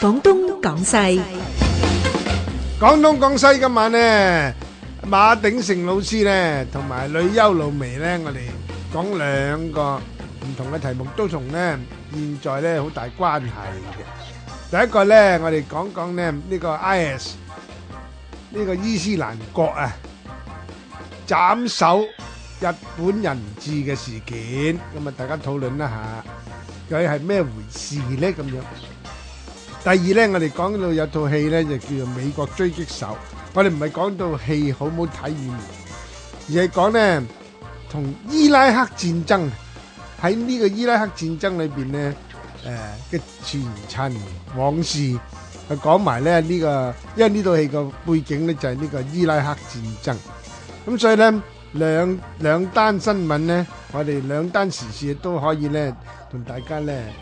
廣東廣西，廣東廣西今晚呢，馬鼎盛老師呢，同埋閭丘露薇呢，我哋講兩個唔同嘅題目，都同呢現在呢好大關係嘅。第一個呢，我哋講講呢呢個 IS 呢個伊斯蘭國啊，斬首日本人質嘅事件，咁啊大家討論一下，佢係咩回事呢咁樣？第二呢，我哋講到有套戲呢，就叫做《美國狙擊手》。我哋唔係講到戲好唔好睇完，而係講呢，同伊拉克戰爭喺呢個伊拉克戰爭裏邊呢誒嘅、呃、前塵往事佢講埋呢、呢個，因為呢套戲個背景呢，就係、是、呢個伊拉克戰爭。咁所以呢，兩兩單新聞呢，我哋兩單時事都可以呢，同大家呢。